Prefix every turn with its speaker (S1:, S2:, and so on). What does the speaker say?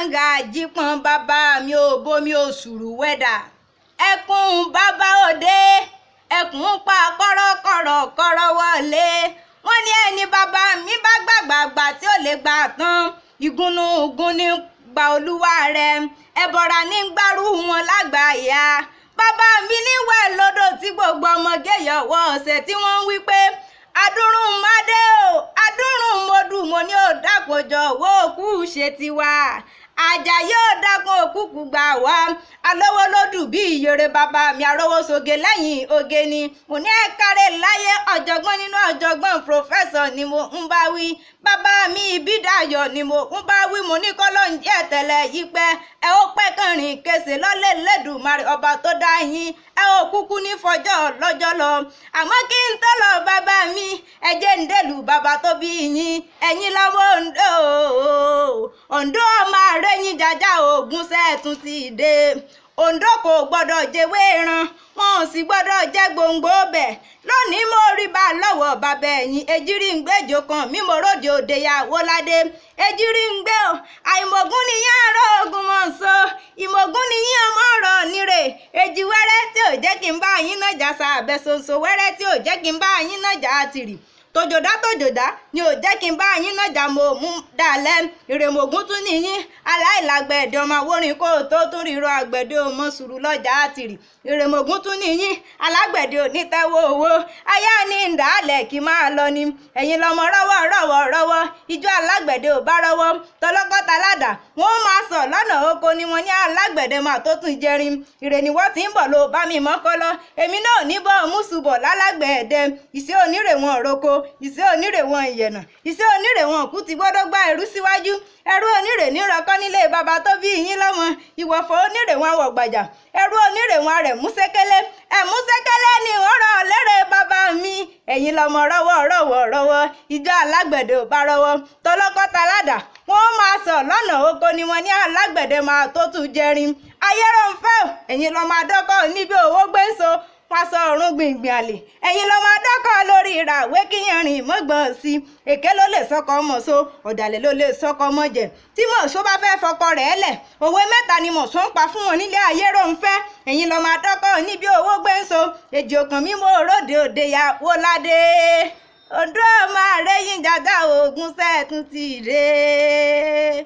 S1: gbàǹgà àjípọn bàbá mi ò bomi ò sùrù wẹ́dà ẹkùn bàbá òde ẹkùn pa kọ́rọ́kọ́rọ́ kọ́rọ́ wọlé wọ́n ní ẹni bàbá mi bá gbàgbàgbà tí ò lè gbà tán ìgúnnú ogun ní gba olúwa rẹ ẹbọra ní gbárù wọn lágbàáyà bàbá mi níwẹ̀ lódò tí gbogbo ọmọge yọ̀wọ́ ọ̀sẹ̀ tí wọ́n ń wí pé adúrún mádé o adúrún modù mo ní ò dàpọ̀jọ̀ owó òkú ṣe tiwa Àjàyí ọ̀dàgún òkùnkùn gbà wá alówó lódù bí ìyèrè bàbá mi arówó soge lẹ́yìn oge ni mo ní ẹ láyé ọjọgbọn nínú ọjọgbọn pòfẹ́sọ̀ ni mo ń bá wí bàbá mi ìbídàyọ̀ ni mo ń bá wí mo ní kọ́lọ́ ń yí ọba tó dá yín ẹ ó kúkú ní lọ kí n mi ẹ ń bàbá tó bí tún ti dé Oǹdó kò gbọ́dọ̀ jẹwé ran wọn ò sì gbọ́dọ̀ jẹ́ gbòǹgbò bẹ̀ lónìí mo rí bá lọ́wọ́ bàbá ẹ̀yìn ejiri ń gbé jòkan mi mo ròde òde yàwó ládé ejiri ń gbé o àìmọ̀gún nìyá àárọ̀ ogun mọ̀ so ìmọ̀gún nìyí ọmọ ọ̀rọ̀ nire èjì wẹ́rẹ́ tí ò jẹ́ kí n bá yín nájà sa àbẹ̀sọ̀sọ̀ wẹ́rẹ́ tí ò jẹ́ kí n bá yín nájà àtìrì tòjòdá tòjòdá ni ò jẹ́ kí n bá yín nájà mo mú dalẹ̀ ìrèmọ̀gún tún nìyí aláìlágbẹ̀ ẹ̀dẹ̀ ọmọ awórin kó tó tún ríro àgbẹ̀dẹ ọmọ sùúrù lọ́jà àtìrì ìrèmọ̀gún tún nìyí alágbẹ̀dẹ onítẹ̀wọ̀ owó ayá ni ń dàálẹ̀ kí máa lọ ni ẹ̀yin lọmọ rọ́wọ́ rọ́wọ́ rọ́wọ́ ijó alágbẹ̀dẹ ò bá rọ́wọ́ tọlọ́kọ́ta ládàá wọ́n máa sọ lọ́nà oko ni wọ́n ní alágbẹ̀dẹ máa tó tún jẹrin ìrèníwọ́ ti ń bọ̀ ló bá mi mọ́kọ́ èmi náà ní bọ́ lálágbẹ̀ẹ́dẹ ìṣe onírèwọ̀n òroko ìṣe onírè wọn ìyẹ̀nà ìṣe onírè wọn òkú ti gbọ́dọ̀ gba ẹ̀rú síwájú ẹ̀rú onírè nírọ̀kọ́ nílé bàbá tó bí yín lọ́mọ ìwọ̀fọ̀ onírè wọn wọ̀ gbàjà ẹ̀rú onírè wọn rẹ̀ músẹ́kẹ́lẹ́ ẹ̀ músẹ́kẹ́lẹ́ ni ọ̀rọ̀ lẹ́rẹ̀ bàbá mi ẹ̀yin lọ́mọ rọ́wọ́ rọ́wọ́ rọ́wọ́ ìjọ alágbẹ̀dẹ ò bá rọ́wọ́ tọlọ́kọ́taládà wọ́n máa sọ lọ́nà oko ni wọ́n ní alágbẹ̀dẹ máa tó tù jẹrin ayérànfẹ́ ẹ̀yin lọ́mọ adọ́kọ̀ níbi òwò gbé so pásọ ọ̀run gbìngbìn àlè ẹ̀yin lọ́mọ adọ́kọ̀ lórí ìràwé kí rìn mọ́gbọ́n sí èké ló lè sọkọ ọmọ so ọ̀dàlẹ̀ ló lè sọkọ ọmọ jẹ tí mọ̀ṣó bá fẹ́ fọkọ rẹ̀ lẹ̀ òwe mẹ́ta ni mọ̀ṣó ń pa fún wọn nílé ayé ròun fẹ́ ẹ̀yin lọ́mọ adọ́kọ̀ níbi owó gbé ń so èjì òkàn mímú òróde òde ya wó ládé Ondo ọmọ àrẹ́yìn gàgà ògùn sẹ́ẹ̀tún ti rèé.